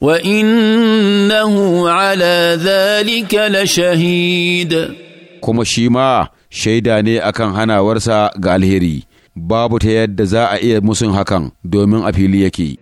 وانه على ذلك shahida. kuma shi ma shaida ne akan hanawarsa ga alheri babu ta yadda za a iya musun hakan domin a fili yake